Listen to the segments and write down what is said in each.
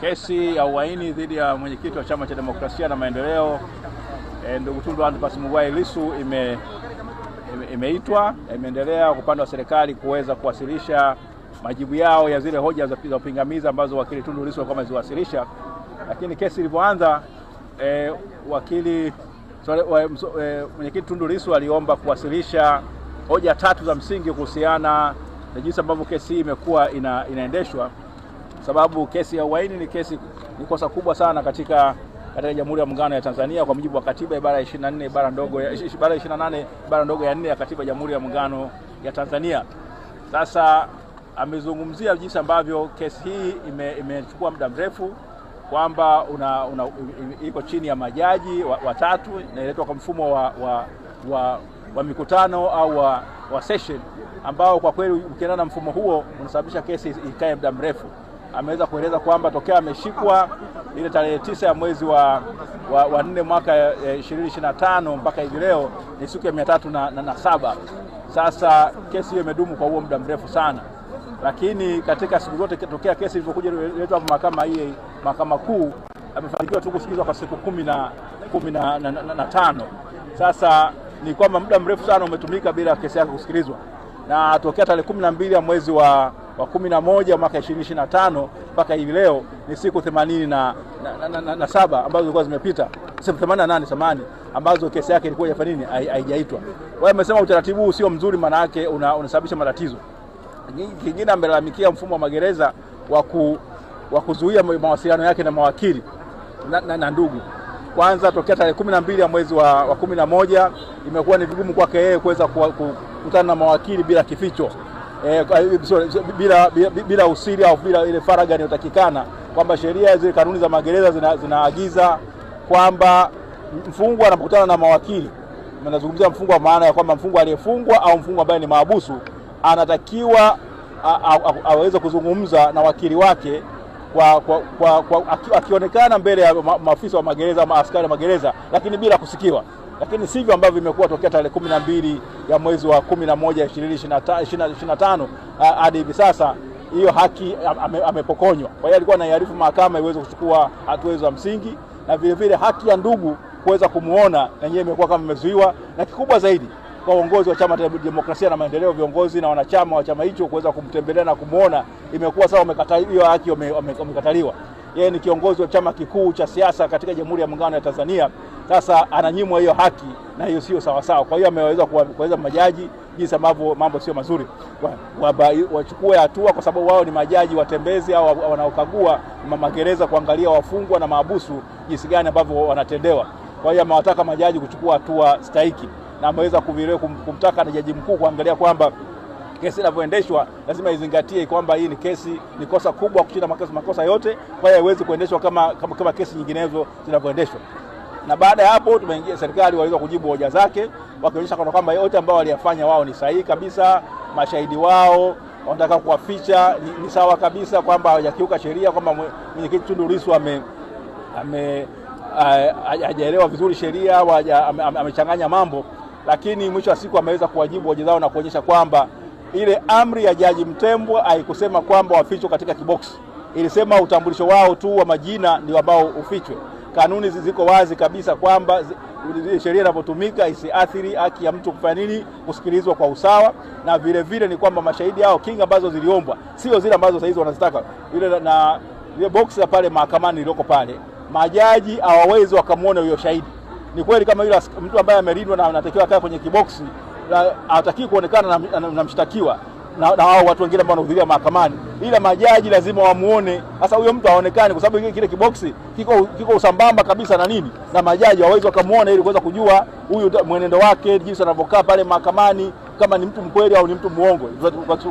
Kesi ya uhaini dhidi ya mwenyekiti wa Chama cha Demokrasia na Maendeleo e, ndugu Tundu Antipas Mughwai Lissu ime, ime, imeitwa imeendelea kwa upande wa serikali kuweza kuwasilisha majibu yao ya zile hoja za upingamizi ambazo wakili Tundu Lissu alikuwa ameziwasilisha, lakini kesi ilivyoanza e, wakili e, mwenyekiti Tundu Lissu aliomba kuwasilisha hoja tatu za msingi kuhusiana na jinsi ambavyo kesi hii imekuwa ina, inaendeshwa sababu kesi ya uhaini ni kesi ni kosa kubwa sana katika katika Jamhuri ya Muungano ya Tanzania kwa mujibu wa katiba ibara ya 24 ibara ndogo ya ibara 28 ibara ndogo ya 4 ya katiba ya Jamhuri ya Muungano ya Tanzania. Sasa amezungumzia jinsi ambavyo kesi hii imechukua ime muda mrefu kwamba una, una, iko chini ya majaji watatu wa inaletwa kwa mfumo wa, wa, wa, wa mikutano au wa, wa session ambao kwa kweli ukiendana na mfumo huo unasababisha kesi ikae muda mrefu ameweza kueleza kwamba tokea ameshikwa ile tarehe tisa ya mwezi wa, wa, wa nne mwaka eh, ishirini eh, na tano mpaka hivi leo ni siku ya mia tatu na, na, na saba. Sasa kesi hiyo imedumu kwa huo muda mrefu sana, lakini katika siku zote tokea kesi ilivyokuja iletwa mahakama hii mahakama kuu amefanikiwa tu kusikilizwa kwa siku kumi na, kumi na, na, na, na tano. Sasa ni kwamba muda mrefu sana umetumika bila kesi yake kusikilizwa, na tokea tarehe kumi na mbili ya mwezi wa wa 11 mwaka 2025 mpaka hivi leo ni siku 87 na, na, na, na, na saba ambazo zilikuwa zimepita, 88 samani ambazo kesi yake ilikuwa haifa nini haijaitwa. Wao wamesema utaratibu huu sio mzuri, maana yake unasababisha una matatizo. Kingine amelalamikia mfumo wa magereza wa ku wa kuzuia mawasiliano yake na mawakili na, na, na ndugu kwanza tokea tarehe kumi na mbili ya mwezi wa, wa kumi na moja imekuwa ni vigumu kwake yeye kuweza kukutana na mawakili bila kificho eh, bila, bila, bila usiri au bila ile faragha inayotakikana, kwamba sheria zile kanuni za magereza zina, zinaagiza kwamba mfungwa anapokutana na mawakili, nazungumzia mfungwa maana ya kwamba mfungwa aliyefungwa au mfungwa ambaye ni mahabusu anatakiwa aweze kuzungumza na wakili wake kwa, kwa, kwa, kwa, akionekana mbele ya maafisa wa magereza ama askari wa magereza, lakini bila kusikiwa lakini sivyo ambavyo imekuwa tokea tarehe kumi na mbili ya mwezi wa kumi na moja ishirini na tano hadi hivi sasa hiyo haki amepokonywa. Kwa hiyo alikuwa anaiarifu mahakama iweze kuchukua hatua za msingi, na vile vile haki ya ndugu kuweza kumuona yeye imekuwa kama imezuiwa, na kikubwa zaidi kwa uongozi wa Chama cha Demokrasia na Maendeleo, viongozi na wanachama wa chama hicho kuweza kumtembelea na kumuona, imekuwa sawa, hiyo haki wamekataliwa. Yeye ni kiongozi wa chama kikuu cha siasa katika Jamhuri ya Muungano ya Tanzania. Sasa ananyimwa hiyo haki na hiyo sio sawasawa. Kwa hiyo ameweza kueleza majaji jinsi ambavyo mambo sio mazuri, wachukue wa, hatua kwa sababu wao ni majaji watembezi au wanaokagua magereza kuangalia wafungwa na maabusu jinsi gani ambavyo wanatendewa. Kwa hiyo amewataka majaji kuchukua hatua stahiki na ameweza kumtaka na jaji mkuu kuangalia kwamba kesi inavyoendeshwa lazima izingatie kwamba hii ni kesi, ni kosa kubwa kushinda makosa, makosa yote. Kwa hiyo haiwezi kuendeshwa kama, kama, kama kesi nyinginezo zinavyoendeshwa na baada ya hapo tumeingia serikali waweza kujibu hoja zake wakionyesha kwamba yote ambao waliyafanya wao ni sahihi kabisa, mashahidi wao wanataka kuwaficha ni, ni sawa kabisa kwamba hawajakiuka sheria, kwamba mwenyekiti Tundu Lissu ame ame hajaelewa vizuri sheria amechanganya amechanganya ame mambo, lakini mwisho wa siku ameweza kuwajibu hoja zao na kuonyesha kwamba ile amri ya Jaji Mtembwa haikusema kwamba wafichwe katika kiboksi, ilisema utambulisho wao tu wa majina ndio ambao ufichwe kanuni ziko wazi kabisa kwamba sheria inapotumika isiathiri haki ya mtu kufanya nini, kusikilizwa kwa usawa, na vile vile ni kwamba mashahidi hao, kinga ambazo ziliombwa sio zile ambazo sahizi wanazitaka ile na ile box ya pale mahakamani iliyoko pale, majaji hawawezi wakamwona huyo shahidi. Ni kweli kama yule mtu ambaye amelindwa na anatakiwa kaa kwenye kiboksi, hatakiwi kuonekana na, na, na, na mshtakiwa na, na hao watu wengine ambao wanahudhuria mahakamani, ila majaji lazima wamuone. Sasa huyo mtu haonekani, kwa sababu kile kiboksi kiko, kiko usambamba kabisa na nini na majaji hawawezi wakamuona, ili kuweza kujua huyu mwenendo wake, jinsi anavyokaa pale mahakamani, kama ni mtu mkweli au ni mtu muongo.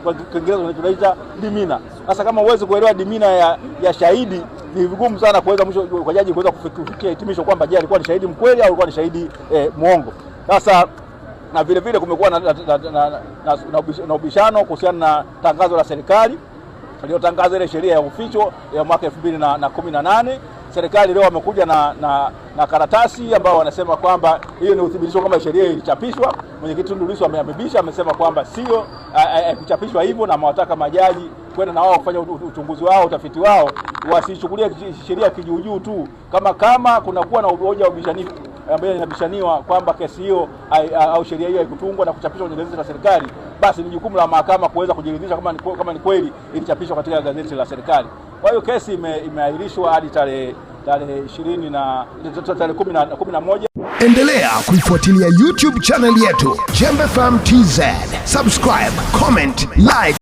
Kwa Kiingereza tunaita dimina. Sasa kama uweze kuelewa dimina ya, ya shahidi ni vigumu sana kuweza mwisho kwa jaji kuweza kufikia hitimisho kwamba je, alikuwa ni shahidi mkweli au alikuwa ni shahidi eh, muongo. Sasa na vile vile kumekuwa na, na, na, na, na, na ubishano kuhusiana na tangazo la serikali iliyotangaza ile sheria ya uficho ya mwaka elfu mbili na kumi na nane. Serikali leo wamekuja na, na, na karatasi ambao wanasema kwamba hiyo ni uthibitisho kwamba sheria ilichapishwa. Mwenyekiti Tundu Lissu amesema kwamba sio kuchapishwa hivyo, na amewataka majaji kwenda na wao kufanya uchunguzi wao, utafiti wao, wasichukulie sheria kijuujuu tu, kama kama kunakuwa na uoja ubishanifu ambayo inabishaniwa kwamba kesi hiyo au sheria hiyo haikutungwa na kuchapishwa kwenye gazeti la serikali, basi ni jukumu la mahakama kuweza kujiridhisha kama ni, kama ni kweli ilichapishwa katika gazeti la serikali. Kwa hiyo kesi imeahirishwa hadi tarehe tarehe 20 na tarehe 11. Endelea kuifuatilia YouTube channel yetu Jembe FM TZ. Subscribe, comment, like